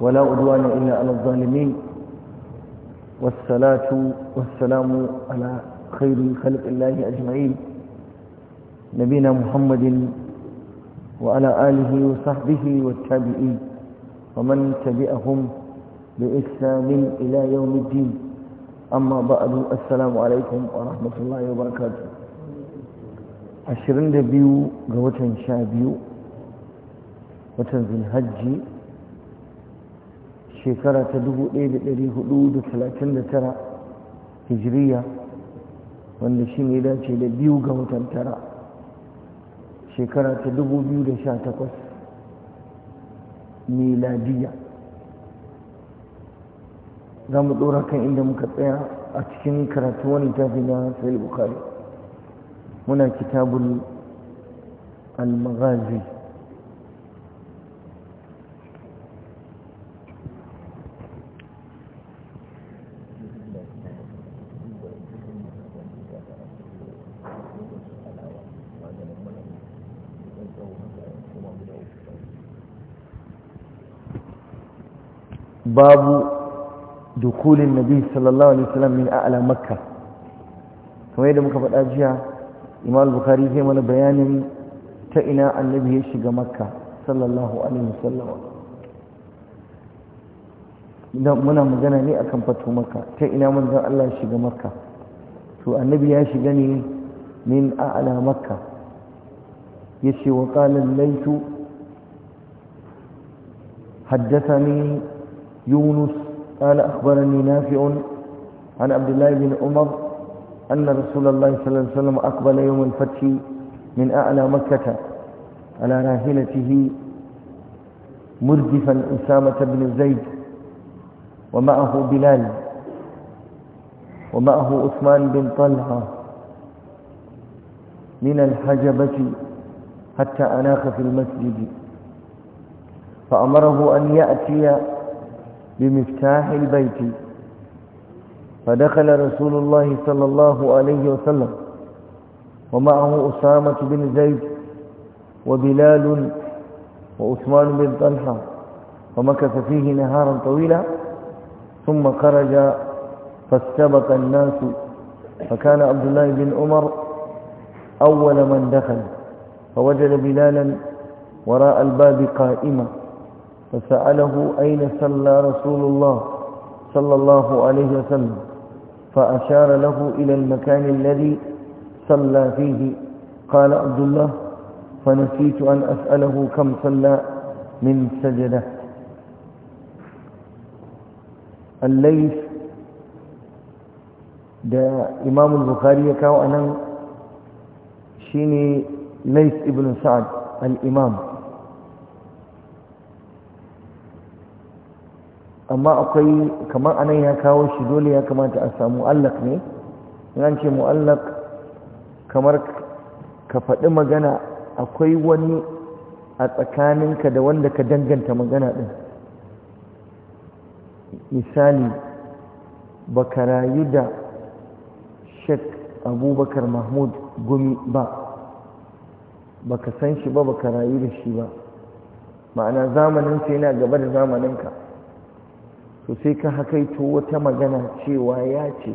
ولا عدوان إلا على الظالمين والصلاة والسلام على خير خلق الله أجمعين نبينا محمد وعلى آله وصحبه والتابعين ومن تبعهم بإسلام إلى يوم الدين أما بعد السلام عليكم ورحمة الله وبركاته عشرين دبيو قوة شابيو وتنزل هجي shekara ta 1439 hijiriya wanda shi ne dace da biyu ga watan tara shekara ta 2018 miladiya za mu ɗora kan inda muka tsaya a cikin karatu wani tafi na sai bukari muna kitabun al-maghazi babu dukulin nabi sallallahu alaihi wasallam min a'la makka kamar yadda muka faɗa jiya imam bukhari zai mana bayanin ta ina annabi ya shiga makka sallallahu alaihi wasallam idan muna magana ne akan fato makka ta ina manzon Allah ya shiga makka to annabi ya shiga ne min a'la makka yace wa qala laitu حدثني يونس قال أخبرني نافع عن عبد الله بن عمر أن رسول الله صلى الله عليه وسلم أقبل يوم الفتح من أعلى مكة على راحلته مردفا أسامة بن زيد ومعه بلال ومعه عثمان بن طلحة من الحجبة حتى أناخ في المسجد فأمره أن يأتي بمفتاح البيت فدخل رسول الله صلى الله عليه وسلم ومعه أسامة بن زيد وبلال وعثمان بن طلحة ومكث فيه نهارا طويلا ثم خرج فاستبق الناس فكان عبد الله بن عمر أول من دخل فوجد بلالا وراء الباب قائما فسأله أين صلى رسول الله صلى الله عليه وسلم فأشار له إلى المكان الذي صلى فيه قال عبد الله فنسيت أن أسأله كم صلى من سجدة الليث ده إمام البخاري كان kawo ليث shine سعد الإمام amma akwai kamar anan ya kawo shi dole ya kamata a samu allak ne yan ce mu'allak kamar ka faɗi magana akwai wani a tsakaninka da wanda ka danganta magana ɗin misali ba ka rayu da shek abubakar mahmud gumi ba ba ka san shi ba ba ka rayu da shi ba ma'ana zamaninsa yana gaba da zamaninka to sai ka hakaito wata magana cewa ya ce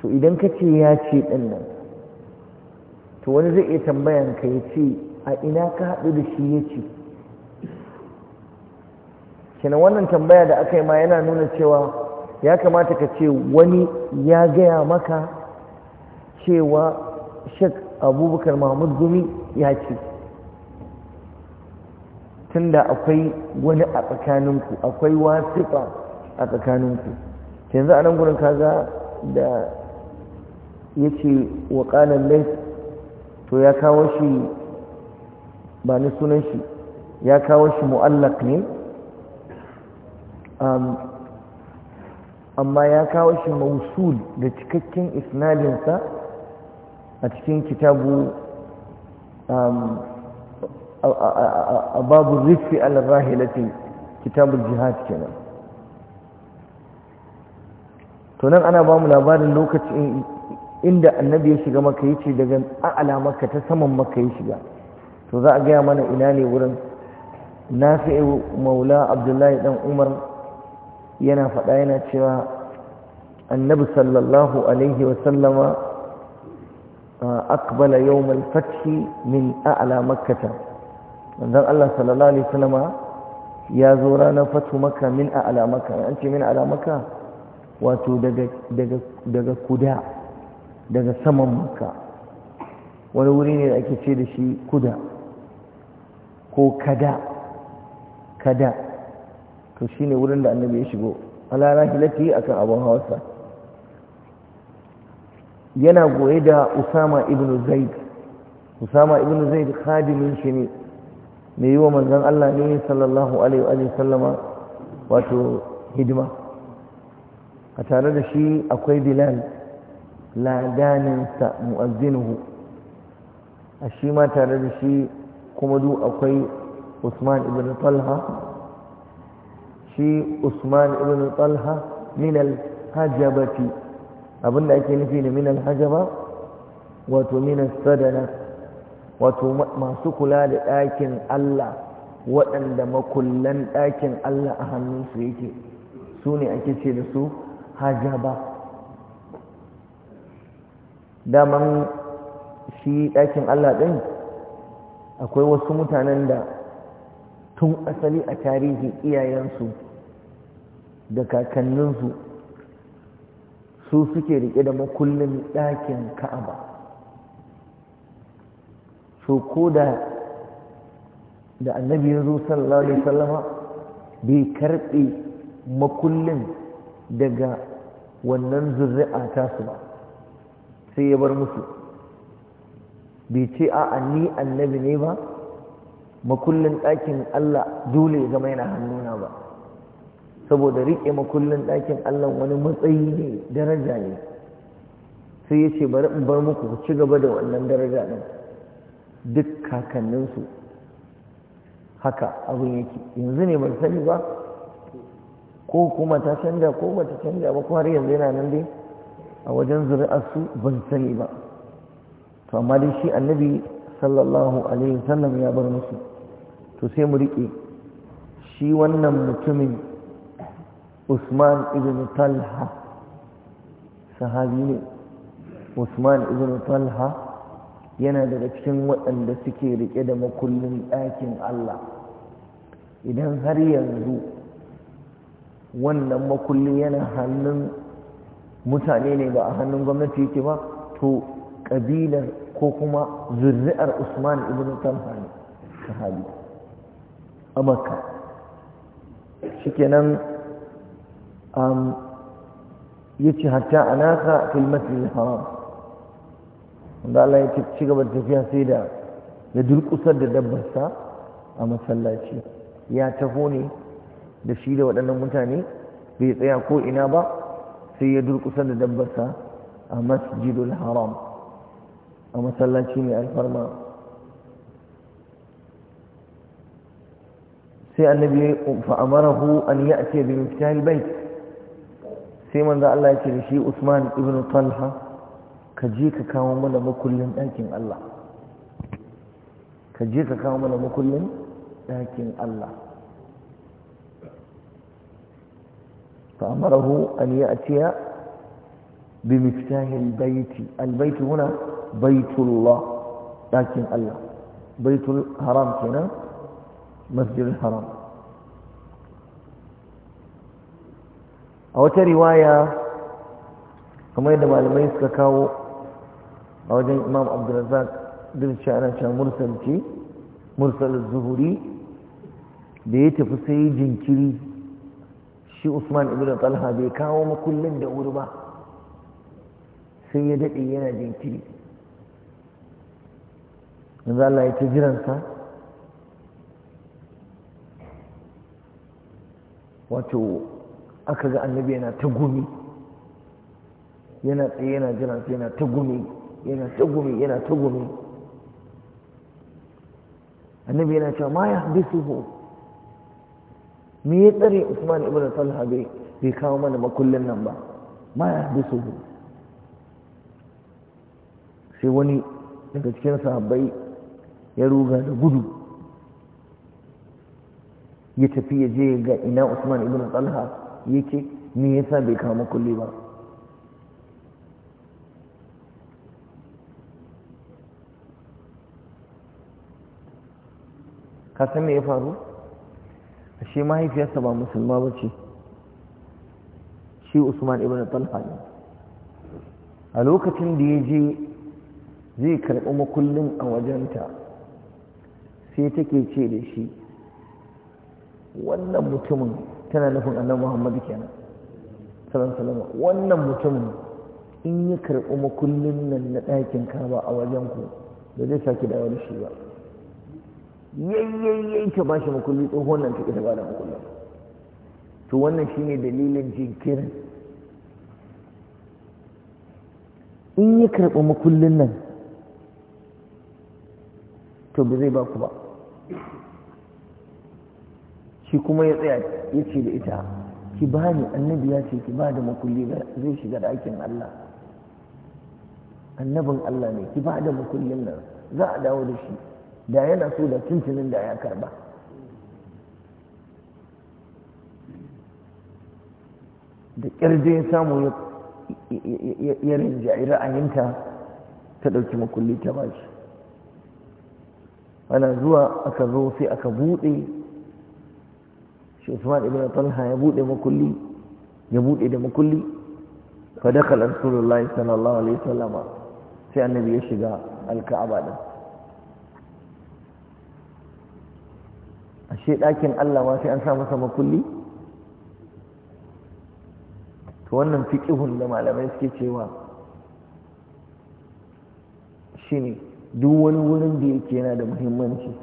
to idan ka ce ya ce ɗin nan to wani zai iya tambayan ka ya ce a ina ka haɗu da shi ya ce kenan wannan tambaya da aka yi ma yana nuna cewa ya kamata ka ce wani ya gaya maka cewa shek abubakar mahmud gumi ya ce tunda akwai wani a tsakaninku akwai wasifa a tsakaninku yanzu a nan gurin kaza da ya ce wa ƙanan lais to ya kawo shi ba ni sunan shi ya kawo shi mu'allak ne amma ya kawo shi mausul da cikakken isnadinsa a cikin kitabu um, babu rufi al-rahilati kitabul jihad kenan to nan ana ba mu labarin lokacin inda annabi ya shiga maka yace daga a'ala maka ta saman maka ya shiga to za a gaya mana ina ne wurin nafi'u maula abdullahi dan umar yana faɗa yana cewa annabi sallallahu alaihi wasallama أقبل يوم الفتح min أعلى مكة manzon Allah sallallahu alaihi wasallama ya zo ranar fatu maka min a alamaka an ce min alamaka wato daga kuda daga saman maka wani wuri ne da ake ce da shi kuda ko kada kada to ne wurin da annabi ya shigo ala rahilati akan abun Hausa. yana goye da usama ibn zaid usama ibn zaid khadimin shi ne mai yi wa manzan Allah ne sallallahu alaihi wa sallama wato hidima a tare da shi akwai bilal ladaninsa mu'azzinuhu a shi ma tare da shi kuma du akwai usman ibn talha shi usman ibn talha minal hajabati abinda ake nufi da minal hajjaba, wato minal sadana wato masu kula da ɗakin Allah waɗanda makullan ɗakin Allah a hannunsu yake su ne ake ce da su hajaba daman shi ɗakin Allah ɗin akwai wasu mutanen da tun asali a tarihi iyayensu da kakanninsu su suke rike da makullin ɗakin ka'aba so ko da da annabi ya zo sallallahu alaihi wasallama bai karɓe makullin daga wannan zurri'a su ba sai ya bar musu bai ce a ni annabi ne ba makullin ɗakin Allah dole ya zama yana hannuna ba saboda riƙe makullin ɗakin Allah wani matsayi ne daraja ne sai ya ce bari in bar muku ku ci gaba da wannan daraja ɗin duk kakanninsu haka abin yake yanzu ne ban sani ba ko kuma ta canja ko ba ta canja ba ko har yanzu yana nan dai a wajen zuri'arsu ban sani ba to amma dai shi annabi sallallahu alaihi wasallam ya bar musu to sai mu riƙe shi wannan mutumin usman ibn talha sahabi ne usman ibn talha yana daga cikin waɗanda suke riƙe da makullin ɗakin Allah idan har yanzu wannan makulli yana hannun mutane ne ba a hannun gwamnati yake ba to ƙabilar ko kuma zurri'ar usman ibn talha ne sahabi a makka shikenan um, yace hatta a fil masjidil haram wanda Allah ya ci gaba da tafiya sai da ya durƙusar da dabbarsa a masallaci ya taho ne da shi da waɗannan mutane bai tsaya ko ina ba sai ya durƙusar da dabbarsa a masjidul haram a masallaci mai alfarma sai annabi ya fa'amarahu an yi ya ce bi miftahi bait sai manzo Allah ya ce da shi Usman ibn Talha ka ka kawo mana makullin ɗakin Allah ka ka kawo mana makullin ɗakin Allah فأمره أن يأتي بمفتاح البيت البيت هنا بيت الله لكن الله بيت الحرام هنا مسجد الحرام أو رواية كما يدى معلمين سكاكاو a wajen imam abdulrazak duk shi ana cewa mursal ce zuhuri da ya tafi sai jinkiri shi usman ibn talha bai kawo makullin da wuri ba sai ya daɗe yana jinkiri yanzu Allah ya ta jiransa wato aka ga annabi yana ta gumi yana tsaye yana jiransa yana ta gumi yana tugumi yana tugumi annabi yana cewa ma ya hadisuhu me ya tsare Usman ibn Talha bai kawo mana makullin nan ba ma ya hadisuhu sai wani daga cikin sahabbai ya ruga da gudu ya tafi ya je ga ina Usman ibn Talha yake me yasa bai kawo makulli ba ka san me ya faru ashe mahaifiyarsa ba musulma ba ce shi usman ibn talha ne a lokacin da ya je zai karɓi makullin a wajenta sai take ce da shi wannan mutumin tana nufin annan muhammadu kenan salama wannan mutumin in ya karɓi makullin nan na ɗakin kaba a wajen ku da zai sake dawo da shi ba yayyayyai ta shi makulli tsohon nan ta ba da makulli to wannan shi ne dalilin jinkirin in ya karɓi makullin nan to ba zai ba ku ba shi kuma ya tsaya ya ce da ita ki ba ni annabi ya ce ki ba da makulli zai shiga ɗakin Allah annabin Allah ne ki ba da makullin nan za a dawo da shi da yana so da tuntunin da ya karba da ƙirjin samu ya rinjaye ra'ayinta ta ɗauki makulli ta ba shi ana zuwa aka zo sai aka buɗe shi usman ibn talha ya buɗe makulli ya buɗe da makulli fa dakhala rasulullahi sallallahu alaihi wasallama sai annabi ya shiga alka'aba din ashe ɗakin Allah ma sai an sa masa makulli to wannan fiƙihun da malamai suke cewa shi ne duk wani wurin da yake yana da muhimmanci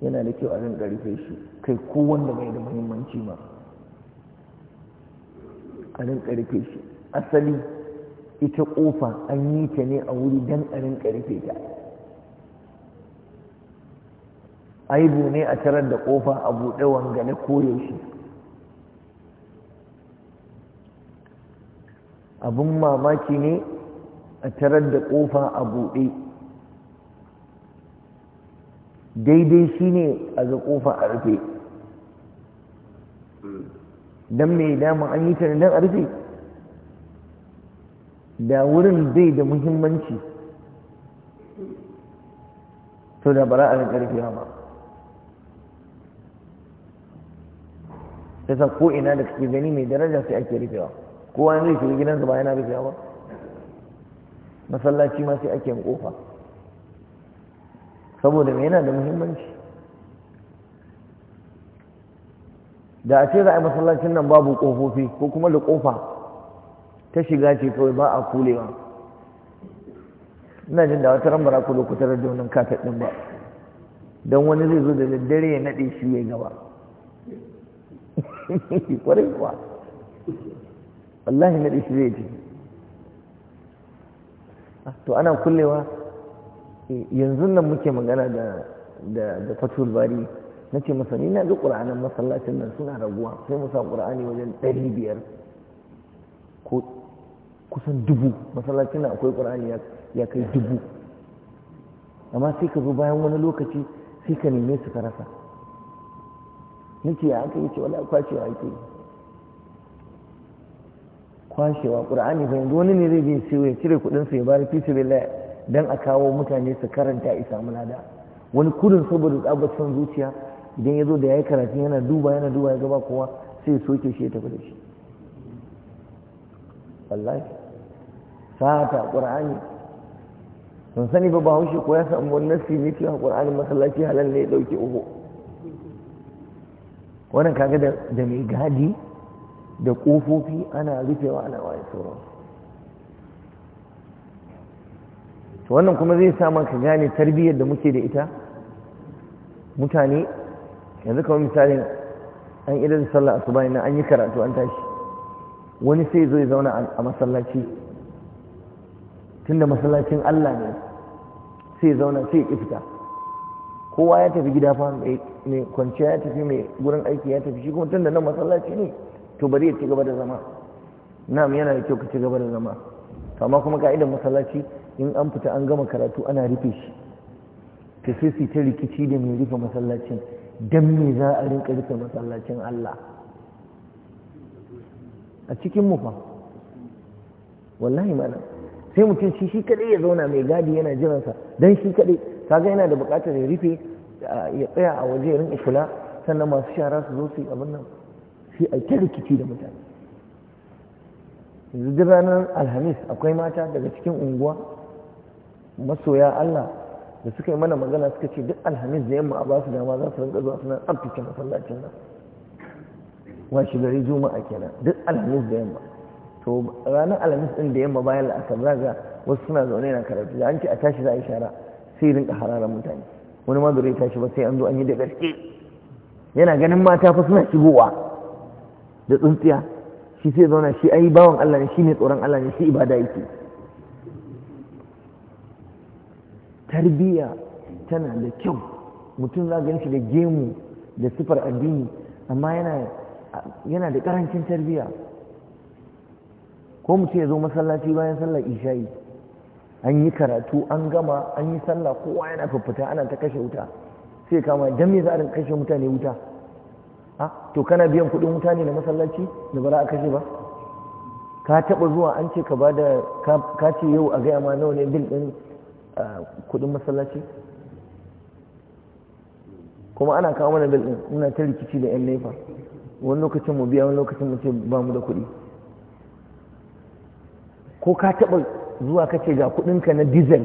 yana da kyau a rinka ƙarfe shi kai ko wanda bai da muhimmanci ma a rinka ƙarfe shi asali ita ƙofa an yi ta ne a wuri don a rinka ƙarfe ta aibu ne a tarar da kofa a buɗe wangane koyaushe abun mamaki ne a tarar da kofa a buɗe daidai shi ne a ga kofa a rufe don mai dama an yi ta don a rufe da wurin bai da muhimmanci to da bara a rufewa ba san ko ina da kake gani mai daraja sai ake rufewa kowa zai shiga gidansa ba yana rufewa ba masallaci ma sai ake kofa saboda me yana da muhimmanci da a ce za a yi masallacin nan babu kofofi ko kuma da kofa ta shiga ce kawai ba a kulewa ina jin da wata rambara ku lokutar da wani kafet ɗin ba don wani zai zo da daddare ya naɗe shi ya gaba kuwa wallahi na shi zai ji ah, to ana kullewa eh, yanzu nan muke magana da fatul bari na ce masa ni na ga ƙura'anin masallacin nan suna raguwa sai mu sa ƙura'ani wajen ɗari biyar ko kusan dubu masallacin nan akwai ƙura'ani ya kai dubu amma sai ka zo bayan wani lokaci sai ka neme su ka rasa nace ya aka yace wala kwashewa ake kwashewa qur'ani bai yanzu wani ne zai bi sai ya cire kudin sa ya bari fi sabilillah dan a kawo mutane su karanta isa mulada wani kudin saboda tsabar son zuciya idan ya zo da ya yi karatu yana duba yana duba ya gaba kowa sai ya soke shi ya tafi da shi wallahi sata qur'ani sun sani ba bahaushe ko ya samu wani nasi ne cewa qur'ani masallaci halal ne ya dauke uku wannan kaga da mai gadi da kofofi ana rufewa ana waye sauran to wannan kuma zai sa maka gane tarbiyyar da muke da ita mutane yanzu kamar misalin an idan sallah asuba ina an yi karatu an tashi wani sai zo ya zauna a masallaci tunda masallacin Allah ne sai zauna sai ya kifta kowa ya tafi gida fa mai kwanciya ya tafi mai gurin aiki ya tafi shi kuma tun da nan masallaci ne to bari ya ci gaba da zama mu yana da kyau ka ci gaba da zama to amma kuma ka'idar masallaci in an fita an gama karatu ana rufe shi ta sai su ta rikici da mai rufe masallacin don me za a rinka rufe masallacin Allah a cikin mu fa wallahi malam sai mutum shi shi kadai ya zauna mai gadi yana jiransa dan shi kadai kaga yana da bukatar ya rufe ya tsaya a waje rinka kula sannan masu shara su zo su yi abin nan sai a ta rikici da mutane yanzu duk ranar alhamis akwai mata daga cikin unguwa masoya Allah da suka yi mana magana suka ce duk alhamis da yamma a ba su dama za su rinka zuwa suna tsarkake masallacin nan washe gari juma'a kenan duk alhamis da yamma to ranar alhamis din da yamma bayan la'asar zaga wasu suna zaune na karatu da an ce a tashi za a yi shara sai rinka hararar mutane wani ma zai tashi ba sai an zo an yi da gaske yana ganin mata fa suna shigowa da tsuntsiya shi sai zauna shi ai bawan Allah ne shi ne tsoron Allah ne shi ibada yake Tarbiyya tana da kyau mutum za ga shi da gemu da sifar addini amma yana yana da karancin tarbiyya. ko mutum ya zo masallaci bayan sallar isha'i an yi karatu an gama an yi sallah kowa yana fuffuta ana ta kashe wuta sai kama dan me za a kashe mutane wuta a ah, to kana biyan kudin wuta ne na masallaci da ba za a kashe ba ka taba zuwa an ce ka da ka ce yau a gaya ma nawa ne bil din ah, kudin masallaci kuma ana kawo mana bil din muna ta rikici da yan nefa wani lokacin mu biya wani lokacin mu ce ba mu da kuɗi ko ka taba zuwa kace ga kuɗinka na diesel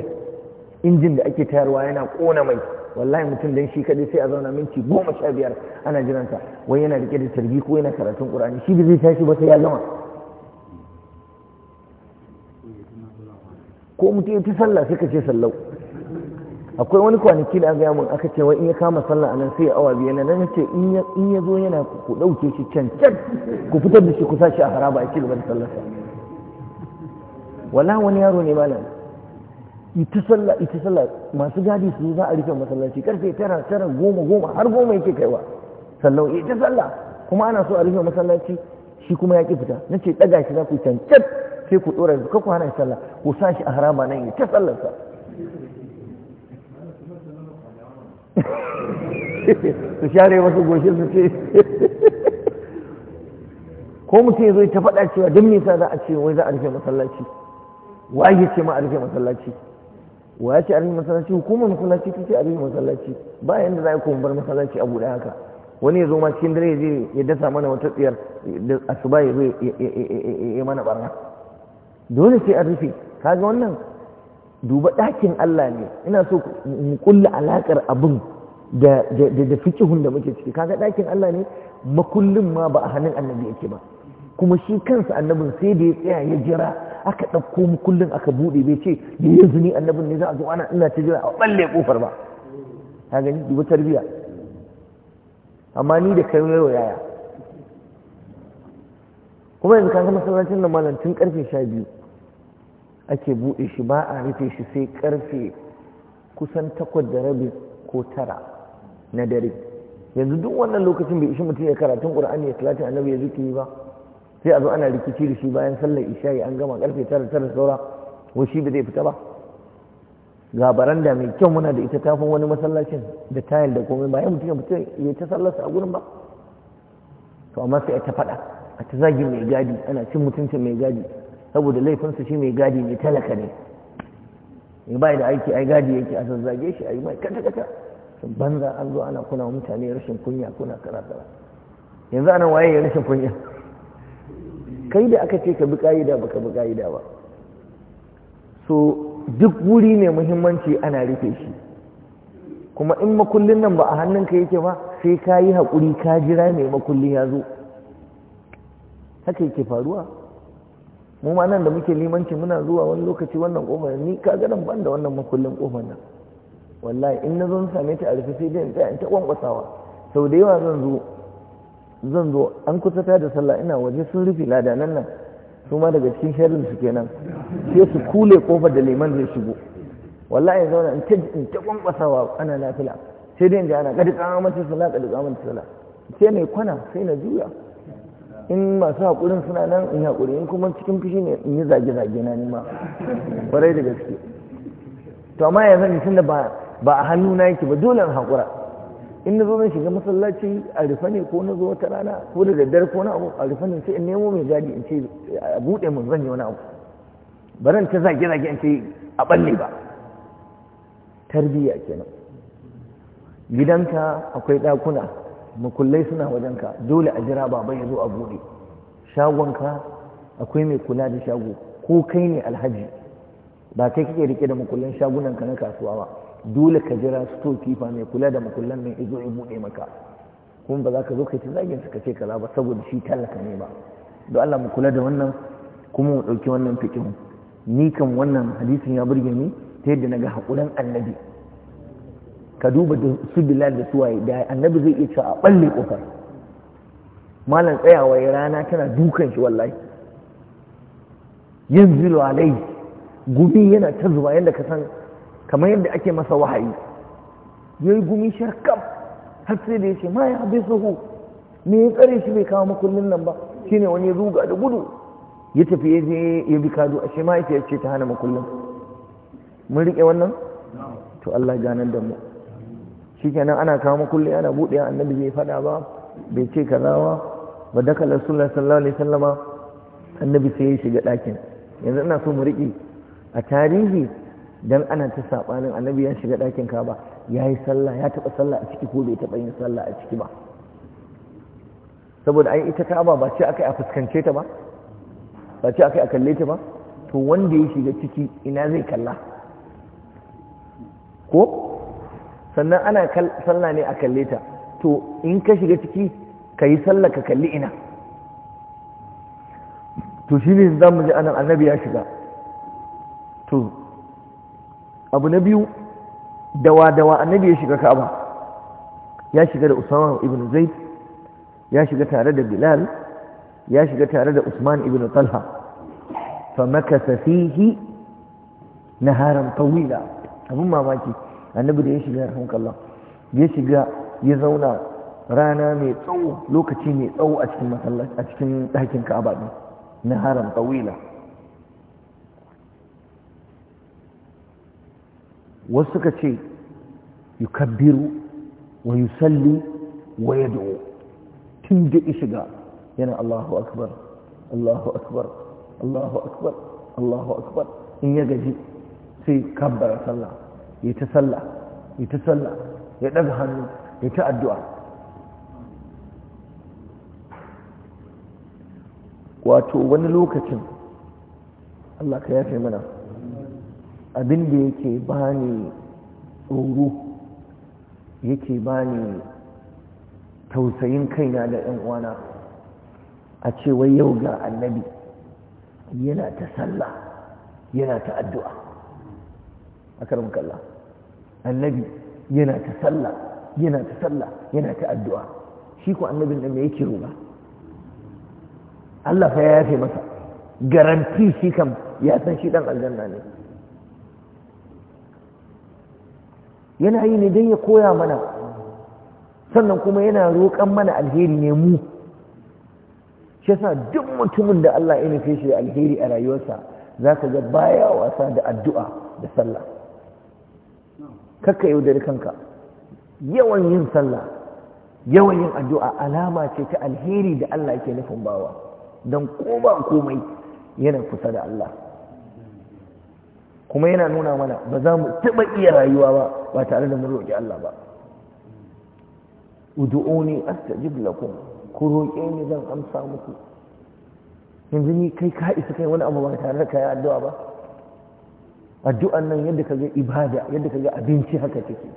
injin da ake tayarwa yana ƙona mai wallahi mutum dan shi kadai sai a zauna minti goma sha biyar ana jiransa wai yana rike da tarbi ko yana karatun qur'ani shi bai tashi ba sai ya gama ko mutum ya ci sallah sai ka ce sallau akwai wani kwanaki da aka mun aka ce wai in ya kama sallah anan sai ya awa biyu na nan ce in ya zo yana ku dauke shi can can ku fitar da shi ku sa shi a haraba a ci gaba da sallarsa wala wani yaro ne malam ita sallah ita sallah masu gadi su za a rufe masallaci karfe tara tara goma goma har goma yake kaiwa Sallah, ita sallah kuma ana so a rufe masallaci shi kuma ya ki fita na ce ɗaga shi za ku cancan sai ku ɗora yanzu kakku hana sallah ku sa shi a harama nan ita ta sallarsa su share wasu goshi su ce ko mutum ya zo ta faɗa cewa don me sa za a ce wai za a rufe masallaci waye ce ma a rufe masallaci wa ya ce a rufe masallaci hukumar masallaci ta ce a rufe masallaci ba yanda za a kuma bar masallaci a buɗe haka wani ya zo ma cikin dare zai ya dasa mana wata tsiyar da asuba ya zo ya mana barna dole sai a rufe kaga wannan duba ɗakin Allah ne ina so mu kulla alaƙar abin da da fikihun da muke ciki kaga ɗakin Allah ne makullin ma ba a hannun annabi yake ba kuma shi kansa annabin sai da ya tsaya ya jira aka ɗauko mu kullum aka buɗe bai ce da ya zuni annabin ne za a zo ana ina ta jira a ɓalle ƙofar ba ta gani dubu tarbiyya amma ni da kai yau yaya kuma yanzu kaga masallacin nan malam tun karfe sha biyu ake buɗe shi ba a rufe shi sai karfe kusan takwas da rabi ko tara na dare yanzu duk wannan lokacin bai ishi mutum ya karatun ƙur'ani ya talatin annabi ya yi ba sai a zo ana rikici da shi bayan sallar isha'i an gama karfe tara tara saura wa shi ba zai fita ba ga baranda mai kyau muna da ita tafin wani masallacin da tayar da komai ba ya mutum ya mutum ya ta sallarsa a gurin ba to amma sai a ta faɗa a ta zagi mai gadi ana cin mutuncin mai gadi saboda laifinsa shi mai gadi ne talaka ne ya bai da aiki ai gadi yake a zazzage shi a yi mai kata kata banza an zo ana kuna mutane rashin kunya kuna kara kara yanzu ana waye rashin kunya kai da aka ce ka bi ƙa'ida ba ka bi ƙa'ida ba so duk wuri ne muhimmanci ana rufe shi kuma in makullin nan ba a hannunka yake ba sai ka yi haƙuri ka jira mai makulli ya zo haka yake faruwa mu ma nan da muke limanci muna zuwa wani lokaci wannan ƙofar ni ka ganin ban da wannan makullin ƙofar nan wallahi in na zo na same ta a rufe sai dai in tsaya in ta kwankwasawa sau da yawa zan zo zan zo an kusa ta da sallah ina waje sun rufe ladanan nan su ma daga cikin shirin su kenan sai su kule kofar da liman zai shigo wallahi zauna in ta in ta kwankwasawa ana nafila sai dai inda ana kada kamanta sallah kada kamanta sallah sai mai kwana sai na juya in masu haƙurin suna nan in haƙuri in kuma cikin fushi ne in yi zage-zage na nima ƙwarai da gaske to amma yanzu ne tun da ba a hannu na yake ba dole in haƙura in na zo zan shiga masallaci a rufe ne ko na zo wata rana ko da daddare ko na abu a rufe ne sai in nemo mai gadi in ce a buɗe mun zan yi wani abu baran ta zage zage in ce a balle ba tarbiyya kenan gidanka akwai ɗakuna makullai suna wajenka dole a jira baba ya zo a buɗe shagonka akwai mai kula da shago ko kai ne alhaji ba kai kake rike da makullan shagunanka na kasuwa ba dole ka jira sto kifa mai kula da makullan nan izo ya buɗe maka kuma ba za ka zo ka ci zagin ka ce kaza ba saboda shi talaka ne ba don Allah mu kula da wannan kuma mu ɗauki wannan fikin ni kan wannan hadisin ya burge ni ta yadda na ga hakuran annabi ka duba da su bilal da suwaye da annabi zai iya cewa a ɓalle ƙofar malam tsayawa ya rana tana dukan shi wallahi yanzu alai gumi yana ta zuba yadda ka san kamar yadda ake masa wahayi ya yi gumi sharkam har sai da ya ce ma ya bai me ya tsare shi bai kawo makullin nan ba shine wani ya ruga da gudu ya tafi ya je ya bi kado a shema ya ce ta hana makullin mun riƙe wannan to Allah ganar da mu shikenan ana kawo makulli ana buɗe annabi bai faɗa ba bai ce kaza ba wa daka rasulullah sallallahu alaihi wasallama annabi sai ya shiga ɗakin yanzu ina so mu riƙe a tarihi dan ana ta sabanin annabi ya shiga ɗakin kaba ya yi sallah ya taɓa sallah a ciki ko bai taɓa yin sallah a ciki ba saboda ai ita kaba ba ce akai a fuskance ta ba ba ce akai a kalle ta ba to wanda ya shiga ciki ina zai kalla ko sannan ana sallah ne a kalle ta to in ka shiga ciki ka yi sallah ka kalli ina to shi ne za mu ji anan annabi ya shiga to abu na biyu dawa dawa annabi ya shiga ka'aba ya shiga da usama ibn zaid ya shiga tare da bilal ya shiga tare da usman ibn talha fa makasa fihi naharan tawila abun mamaki annabi da ya shiga rahmukallah ya shiga ya zauna rana mai tsawo lokaci mai tsawo a cikin masallaci a cikin ɗakin ka'aba din naharan tawila wasu suka ce yukabbiru wa yi salli, wa da'o tun da shiga yana Allahu akbar Allahu akbar Allahu akbar Allahu akbar in ya gaji sai kabbara sallah ya ta sallah ya ta sallah ya daga hannu ya ta addu'a wato wani lokacin Allah ka yafe mana abin da yake bani tsoro yake bani tausayin kaina da ‘yan uwana a ce wai yau ga annabi yana ta sallah yana ta addu'a a karin kalla annabi yana ta sallah yana ta sallah yana ta addu'a shi ku annabin da mai yake roba Allah fa ya yafe masa garanti shi kam ya san shi dan aljanna ne yana yi ne don ya koya mana sannan kuma yana roƙon mana alheri ne mu shi sa duk mutumin da Allah ya nufe shi da alheri a rayuwarsa za ka ga baya wasa da addu'a da sallah kakka yaudari kanka yawan yin sallah yawan yin addu'a alama ce ta alheri da Allah yake nufin bawa don ko ba komai yana kusa da Allah kuma yana nuna mana ba za mu taɓa iya rayuwa ba ba tare da mun roƙi Allah ba ud'uni astajib lakum ku roƙe ni zan amsa muku yanzu ni kai ka isa kai wani abu ba tare da kai addu'a ba addu'an nan yadda kaga ibada yadda kaga abinci haka take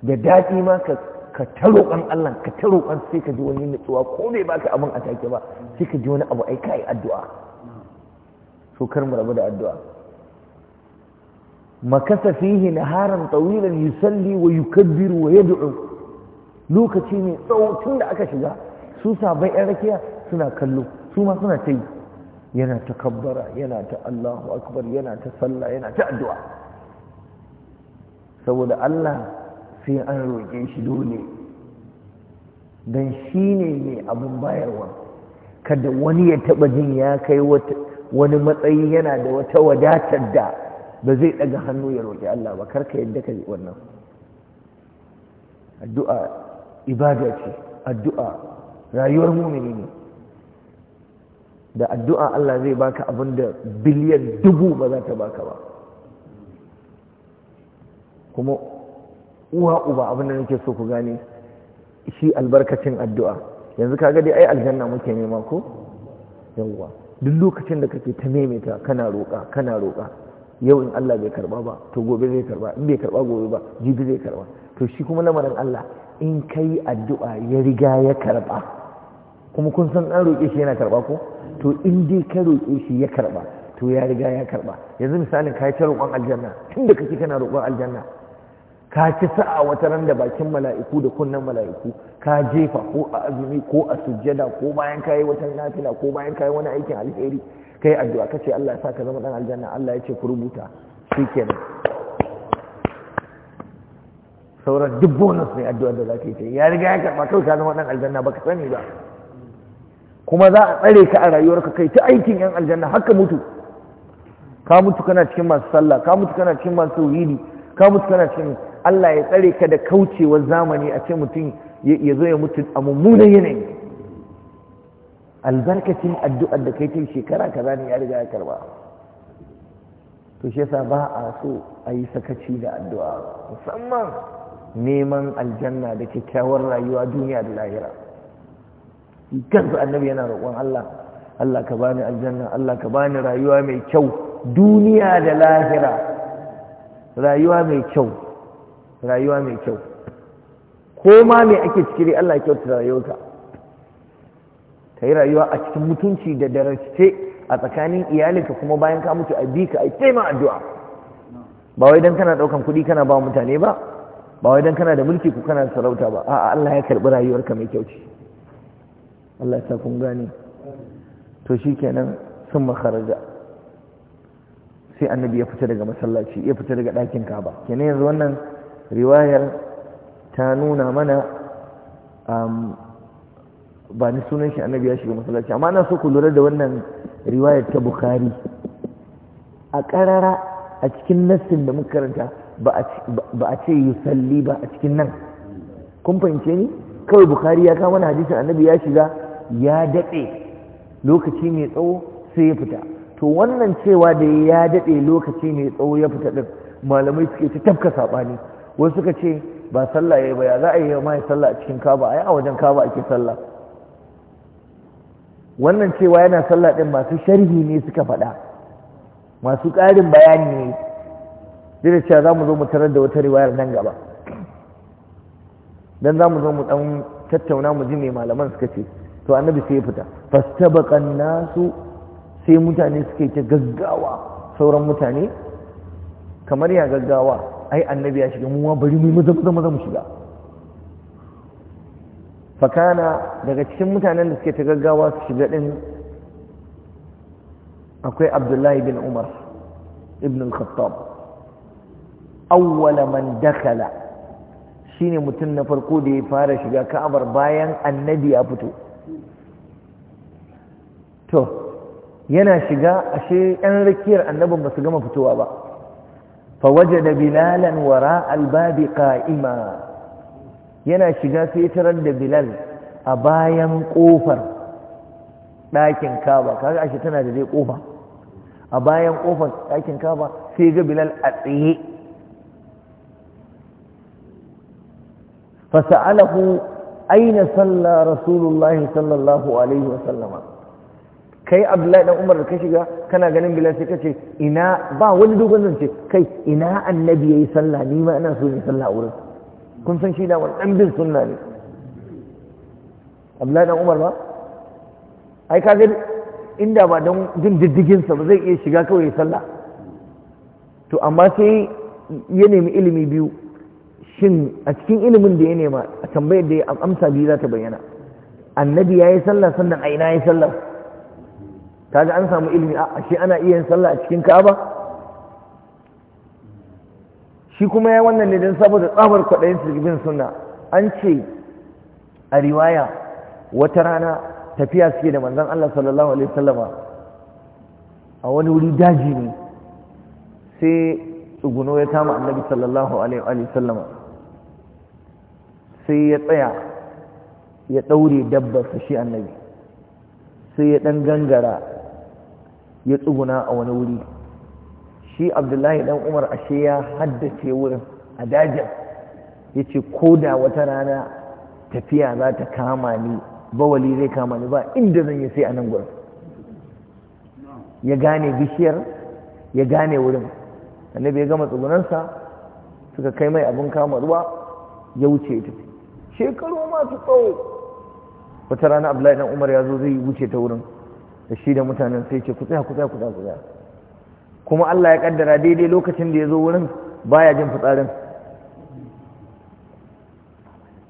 da daɗi ma ka ka ta roƙon Allah ka ta roƙon sai ka ji wani nutsuwa ko bai baka abin a take ba sai ka ji wani abu ai kai addu'a so kar mu rabu da addu'a مكث فيه نهارا طويلا يسلي ويكبر ويدعو lokaci ne tsawo tun da aka shiga su sabai yan rakiya suna kallo su ma suna ta yi yana ta kabbara yana ta Allahu akbar yana ta sallah yana ta addu'a saboda Allah sai an roƙe shi dole don shi ne mai abin bayarwa kada wani ya taɓa jin ya kai wani matsayi yana da wata wadatar da ba zai ɗaga hannu ya roƙi Allah ba karka yadda ka wannan addu'a ibada ce addu'a rayuwar mumini ne da addu'a Allah zai baka abin da biliyan dubu ba za ta baka ba kuma uwa uba abin da nake so ku gane shi albarkacin addu'a yanzu ka gade ai aljanna muke nema ko yawwa duk lokacin da kake ta maimaita kana roƙa kana roƙa yau in Allah bai karba ba to gobe zai karba in bai karba gobe ba jibi zai karba to shi kuma lamarin Allah in kai addu'a ya riga ya karba kuma kun san an roƙe shi yana karba ko to in dai ka roƙe shi ya karba to ya riga ya karba yanzu misalin ka yi ta roƙon aljanna tunda da kake kana roƙon aljanna ka ci sa'a wata ran da bakin mala'iku da kunnen mala'iku ka jefa ko a azumi ko a sujjada ko bayan kayi wata nafila ko bayan kayi wani aikin alheri kai addu'a ka ce Allah ya sa ka zama ɗan aljanna Allah ya ce ku rubuta nan sauran duk bonus ne addu'ar da za ka yi ce ya riga ya karɓa kawai ka zama ɗan aljanna ba ka sani ba kuma za a tsare ka a rayuwarka kai ta aikin yan aljanna haka mutu ka mutu kana cikin masu sallah ka mutu kana cikin masu tauhidi ka mutu kana cikin Allah ya tsare ka da kaucewar zamani a ce mutum ya zo ya mutu a mummunan yanayi albarkacin addu'ar da kai tun shekara kaza ne ya riga ya karba to shi yasa ba a so a yi sakaci da addu'a musamman neman aljanna da kyakkyawar rayuwa duniya da lahira kansu annabi yana roƙon Allah Allah ka bani aljanna Allah ka bani rayuwa mai kyau duniya da lahira rayuwa mai kyau rayuwa mai kyau ko ma me ake ciki Allah ya kyauta rayuwarka ka yi rayuwa a cikin mutunci da darace a tsakanin iyalinka kuma bayan ka mutu a bi ka aiki taima addu'a ba wai dan kana daukan kuɗi kana ba mutane ba ba wai dan kana da mulki ku kana sarauta ba a'a Allah ya karbi rayuwarka mai kyau Allah ya sa kun gane to shikenan sun makaraja sai annabi ya fita daga masallaci ya fita daga ɗakin ba kenan yanzu wannan riwayar ta nuna mana um, ba ni sunan shi annabi ya shiga masallaci amma na so ku lura da wannan riwayar ta bukhari a karara a cikin nassin da muka karanta ba a ce salli ba a cikin nan kun fahimce ni kawai bukari ya kama hadisin annabi ya shiga ya daɗe lokaci mai tsawo sai ya fita to wannan cewa da ya daɗe lokaci mai tsawo ya fita ɗin malamai suke ta tafka saɓani wasu suka ce ba sallah ya yi ba ya za a yi ma sallah a cikin kaba ai a wajen kaba ake sallah wannan cewa yana sallah ɗin masu sharhi ne suka faɗa masu ƙarin bayani ne duk da cewa za mu zo mu tarar da wata riwayar nan gaba dan za mu zo mu ɗan tattauna mu ji me malaman suka ce to annabi sai ya fita fastabaqan nasu sai mutane suke ta gaggawa sauran mutane kamar ya gaggawa ai annabi ya shiga mu bari mu maza maza mu shiga fakana daga cikin mutanen da suke ta gaggawa su shiga din akwai abdullahi bin umar ibn al-khattab awwala man dakala shine mutum na farko da ya fara shiga ka'abar bayan annabi ya fito to yana shiga ashe yan rakiyar annabin ba su gama fitowa ba fa wajada bilalan wara albabi qa'ima yana shiga sai tarar da bilal a bayan ƙofar ɗakin kaba kaga ashe tana da dai ƙofa a bayan ƙofar ɗakin kaba sai ga bilal a tsaye fasa'alahu aina salla rasulullahi sallallahu alaihi wasallama kai abdullahi dan umar da ka shiga kana ganin bilal sai ce ina ba wani dogon zance kai ina annabi yayi sallah ni ma ina so ne sallah a wurin kun san shi lawal ɗan bin sunna ne abdullahi dan umar ba ai kaga inda ba don jin diddiginsa ba zai iya shiga kawai ya sallah to amma sai ya nemi ilimi biyu shin a cikin ilimin da ya nema a tambayar da ya amsa biyu za ta bayyana annabi ya yi sallah sannan a ina ya yi sallah kaga an samu ilimi a ashe ana iya yin sallah a cikin ka'aba shi kuma ya wannan ne don saboda tsabar kwaɗayin sirgin suna an ce a riwaya wata rana tafiya suke da manzan Allah sallallahu alaihi sallama a wani wuri daji ne sai tsuguno ya kama annabi sallallahu alaihi sallama sai ya tsaya ya ɗaure dabbar shi annabi sai ya ɗan gangara ya tsuguna a wani wuri shi abdullahi dan umar ashe ya haddace wurin a dajin ya ce ko da wata rana tafiya za ta kama ni bawali zai kama ni ba inda zan yi sai a nan gurin ya gane bishiyar ya gane wurin annabi ya gama tsugunansa suka kai mai abin kama ruwa ya wuce ya tafi shekaru masu tsawo wata rana abdullahi dan umar ya zo zai wuce ta wurin da shi da mutanen sai ce ku tsaya ku tsaya kuma Allah ya kaddara daidai lokacin da ya zo wurin baya jin fitsarin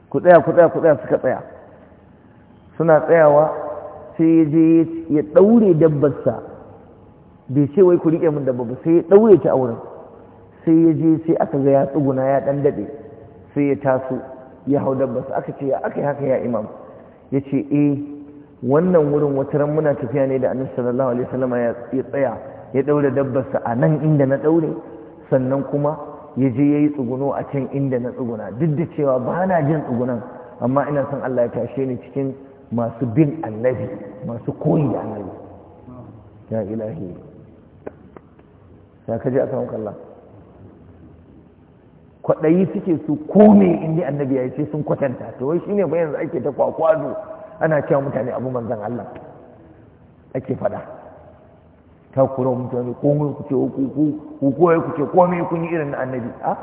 ku tsaya ku tsaya ku tsaya suka tsaya suna tsayawa sai ya je ya daure dabbarsa bai ce wai ku riƙe min dabba ba sai ya daure ta a wurin sai ya je sai aka ga ya tsuguna ya ɗan daɗe sai ya taso ya hau dabbarsa aka ce ya aka yi haka ya imam ya ce eh wannan wurin ran muna tafiya ne da annabi sallallahu alaihi wasallam ya tsaya ya ɗaure dabbarsa a nan inda na ɗaure sannan kuma ya je ya yi tsuguno a can inda na tsuguna duk da cewa ba na jin tsugunan amma ina son Allah ya tashe ni cikin masu bin annabi masu koyi da annabi ya ilahi ya kaji a kan kallon kwaɗayi suke su kome inda annabi ya ce sun kwatanta to wai shine bayan da ake ta kwakwado ana cewa mutane abu manzan Allah ake faɗa. takura mutane komai ku ce ku koyi ku ce komai kun yi irin na annabi a ah,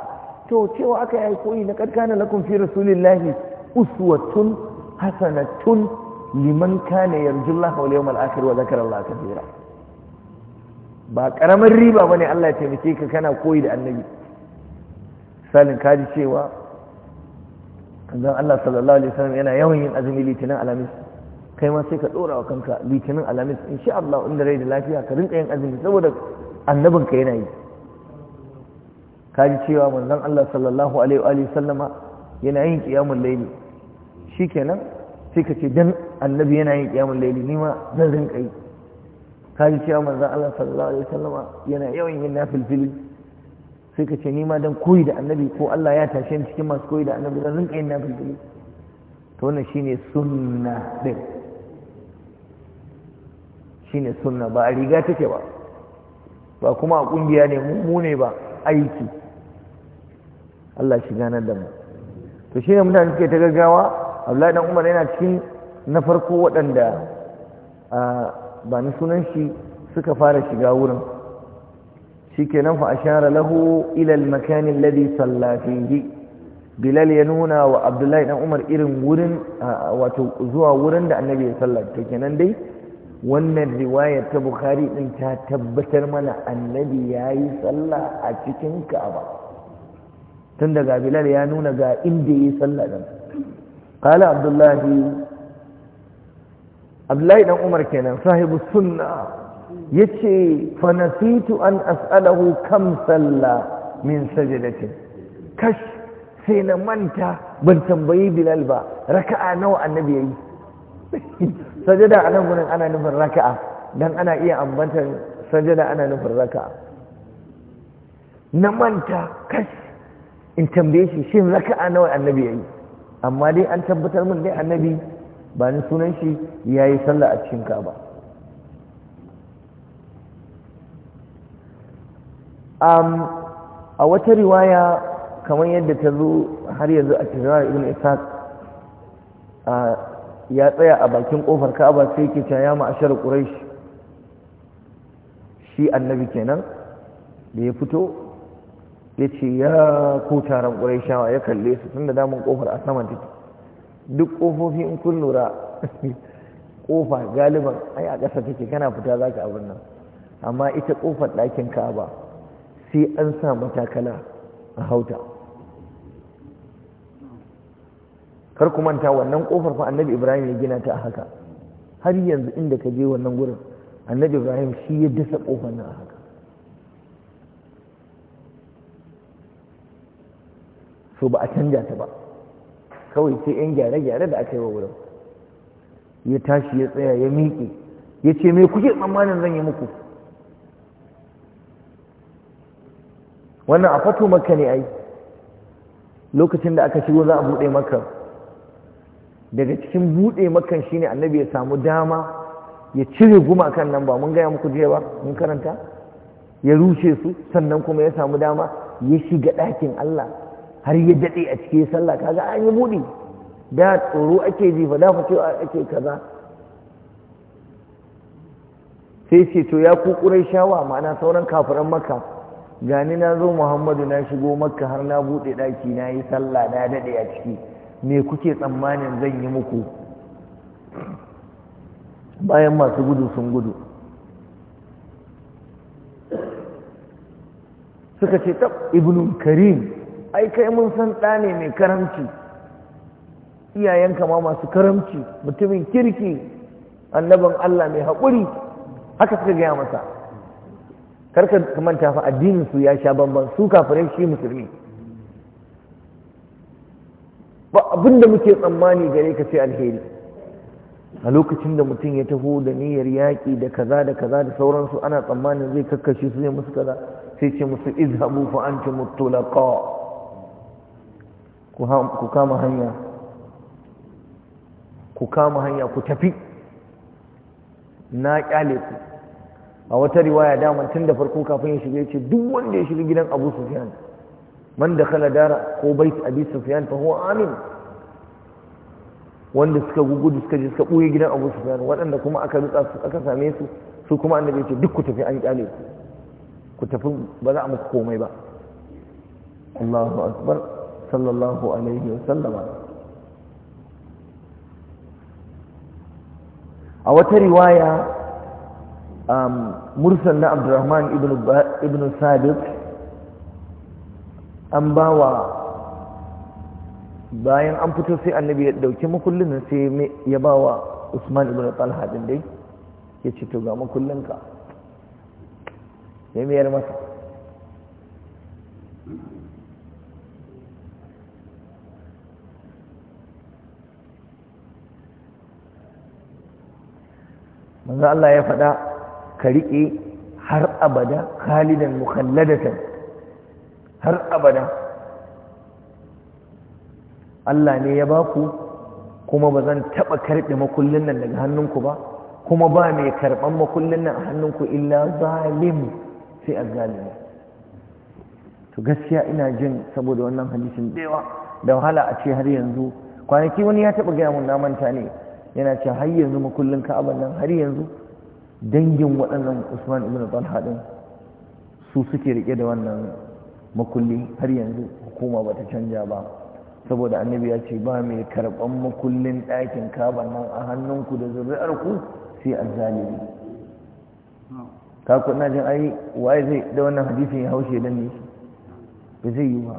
to cewa aka yi koyi na karkana lakum fi rasulillahi uswatun hasanatun liman kana yarjullaha wal yawmal akhir wa zakara Allah kathira ba karamin riba bane Allah ya taimake ka kana koyi da annabi salin kaji cewa dan Allah sallallahu alaihi wasallam yana yawan yin azumi litinin alamis kai ma sai ka dora wa kanka litinin alamis insha Allah inda rai da lafiya ka rinka yin azumi saboda annabin ka yana yi kaji cewa manzon Allah sallallahu alaihi wa sallama yana yin qiyamul layli shikenan sai ka ce dan annabi yana yin qiyamul layli ni ma zan rinka yi kaji cewa manzon Allah sallallahu alaihi wa sallama yana yawan yin nafilfili sai ka ce ni ma dan koyi da annabi ko Allah ya tashe ni cikin masu koyi da annabi zan rinka yin nafilfili to wannan shine sunna din shine sunna ba a riga take ba ba kuma a kungiya ne mu ne ba aiki Allah shi ganar da mu to shine mutane suke ta gaggawa Abdullahi dan Umar yana cikin na farko waɗanda ba ni sunan shi suka fara shiga wurin shikenan fa ashara lahu ila al-makan alladhi salla fihi Bilal ya nuna wa Abdullahi dan Umar irin wurin wato zuwa wurin da Annabi ya sallata kenan dai wannan riwayar ta bukhari din ta tabbatar mana annabi ya yi sallah a cikin ka'aba tun daga bilal ya nuna ga inda ya yi sallah din Kala abdullahi abdullahi dan umar kenan sahibu sunna yace ce nasitu an as'alahu kam sallah min sajadatin kash sai na manta ban tambayi bilal ba raka'a nawa annabi yi. sajada a nan gudun ana nufin raka'a don ana iya ambatar sajada ana nufin raka'a na manta kash in tambaye shi shin raka'a nawa annabi ya yi? amma dai an tabbatar min dai annabi ba ni sunan shi ya yi sallah a cikin ka ba. a wata riwaya kamar yadda ta zo har yanzu a cikin ibn isaac ya tsaya a bakin kofar ka'aba sai yake caya ma ma'ashar quraish shi annabi kenan da ya fito ya ce ya ko taron quraishawa ya kalle su da damun kofar a saman take duk kofofi in kun lura kofa galiban ai a ƙasa take kana fita zaka abin nan amma ita kofar ɗakin ka'aba sai an sa matakala a hauta kar ku manta wannan kofar fa annabi ibrahim ya gina ta a haka har yanzu inda ka je wannan gurin annabi ibrahim shi ya dasa kofar nan a haka so ba a canja ta ba kawai sai yan gyare-gyare da aka yi wa wurin ya tashi ya tsaya ya miƙe ya ce me kuke tsammanin zan yi muku wannan a fato maka ne ai lokacin da aka shigo za a buɗe maka daga cikin buɗe makan shine annabi ya samu dama ya cire guma kan nan ba mun gaya muku jiya ba mun karanta ya rushe su sannan kuma ya samu dama ya shiga ɗakin Allah har ya daɗe a cikin sallah kaga an yi buɗe da tsoro ake da fa cewa ake kaza sai ce to ya ku shawa ma'ana sauran kafiran makka gani na zo muhammadu na shigo makka har na buɗe ɗaki na yi sallah na daɗe a ciki me kuke tsammanin zan yi muku bayan masu gudu sun gudu suka ce ta ibn karim ai kai mun san ɗa mai karamci iyayen kama masu karamci mutumin kirki annaban Allah mai haƙuri haka suka gaya masa karka manta fa addinin su ya sha bambam su kafirai shi musulmi ba abin da muke tsammani gare ka ce alheri a lokacin da mutum ya taho da niyyar yaƙi da kaza da kaza da sauransu ana tsammanin zai kakkashe su zai musu kaza sai ce musu izhabu fa antum mutulaqa ku kama hanya ku kama hanya ku tafi na kyale ku a wata riwaya daman tun da farko kafin ya shiga ya ce duk wanda ya shiga gidan Abu Sufyan man dakhala dara ko bait abi sufyan fa huwa amin wanda suka gugudu suka je suka ɓoye gidan abu sufyan waɗanda kuma aka rutsa su aka same su su kuma annabi ce duk ku tafi an kyale ku ku tafi ba za a muku komai ba Allahu akbar sallallahu alaihi wa sallama a wata riwaya mursal na Abdurrahman ibn ibn Sadiq an ba wa bayan an fito sai annabi ya ɗauki makullin sai ya ba wa usman ibn talha din dai ya ce to ga makullinka ya miyar masa manzo Allah ya faɗa ka riƙe har abada khalidan mukhalladatan har abada Allah ne ya ba ku kuma ba zan taɓa karɓe makullin nan daga hannunku ba kuma ba mai karɓan makullin nan a hannunku illa zalim sai a to gaskiya ina jin saboda wannan hadisin da da wahala a ce har yanzu kwanaki wani ya taɓa gaya mun na manta ne yana ce har yanzu makullin ka'aban nan har yanzu dangin waɗannan usman ibn talha din su suke rike da wannan makulli har yanzu hukuma bata canja ba saboda annabi ya ce ba mai karban makullin ɗakin kaban nan a hannunku da zuri'arku sai azzalimi ka ku jin ai waye zai da wannan hadisin ya haushe dan ne ba zai yi ba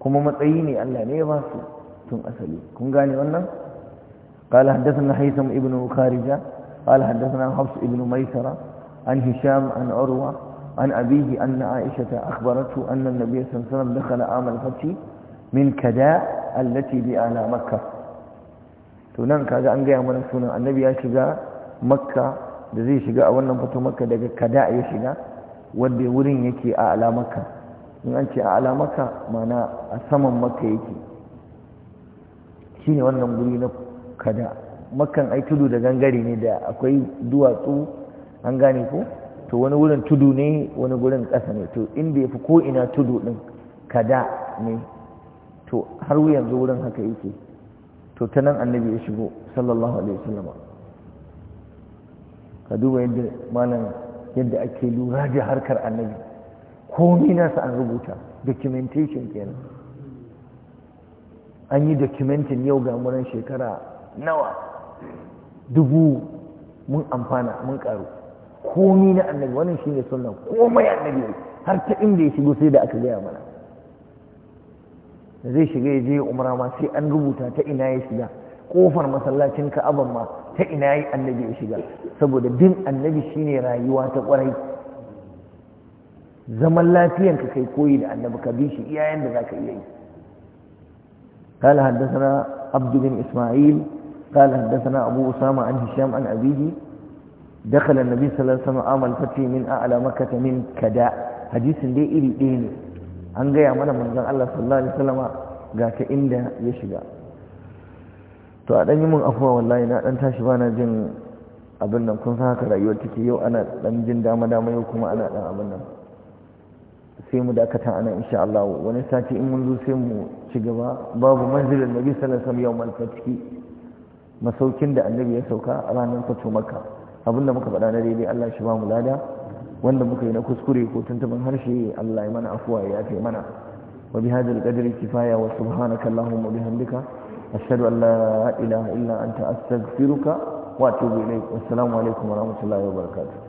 kuma matsayi ne Allah ne ya ba su tun asali kun gane wannan قال حدثنا هيثم ابن خارجه قال حدثنا حفص ابن ميسره عن هشام عن عروه عن أبيه أن عائشة أخبرته أن النبي صلى الله عليه وسلم دخل عام الفتح من كداء التي بأعلى مكة tunan kaga an gaya mana sunan annabi ya shiga makka da zai shiga a wannan fito makka daga kada ya shiga wanda wurin yake a alamakka in an ce a alamakka mana a saman makka yake shi wannan guri na kada makkan ai tudu da gangare ne da akwai duwatsu an gane ko to wani wurin tudu ne wani wurin ƙasa ne to inda ya fi koina tudu ɗin kada ne to har yanzu wurin haka yake to ta nan annabi ya shigo sallallahu alaihi wasallama ka duba yadda malam yadda ake lura da harkar annabi komi nasa an rubuta documentation kenan an yi documentin yau ga muran shekara nawa dubu mun amfana mun karu komi na annabi wannan shine sunnan komai annabi har ta inda ya shigo sai da aka gaya mana zai shiga ya je umra ma sai an rubuta ta ina ya shiga kofar masallacin ka'aban ma ta ina yi annabi ya shiga saboda bin annabi shine rayuwa ta kwarai zaman lafiyan ka kai koyi da annabi ka bi shi iyayen da zaka iya yi قال حدثنا عبد بن اسماعيل قال حدثنا ابو اسامه عن هشام عن ابيه dakhala annabi sallallahu alaihi wasallam amal fati min a'la makkah min kada hadisin dai iri ɗaya ne an gaya mana manzon Allah sallallahu alaihi wasallama ga ta inda ya shiga to a dan yi mun afuwa wallahi na dan tashi bana jin abin nan kun san haka rayuwar take yau ana dan jin dama dama yau kuma ana dan abin nan sai mu dakata ana insha Allah wani sati in mun zo sai mu ci gaba babu manzilin nabi sallallahu alaihi wasallam yawmal fathi masaukin da annabi ya sauka a ranar fatu makka abinda muka faɗa na daidai Allah shi ba mu lada wanda muka yi na kuskure ko tuntuban harshe Allah ya mana afuwa ya yafe mana wa bi hadal qadri kifaya wa subhanaka allahumma bihamdika ashhadu an la ilaha illa anta astaghfiruka wa atubu ilayk assalamu alaikum wa rahmatullahi wa barakatuh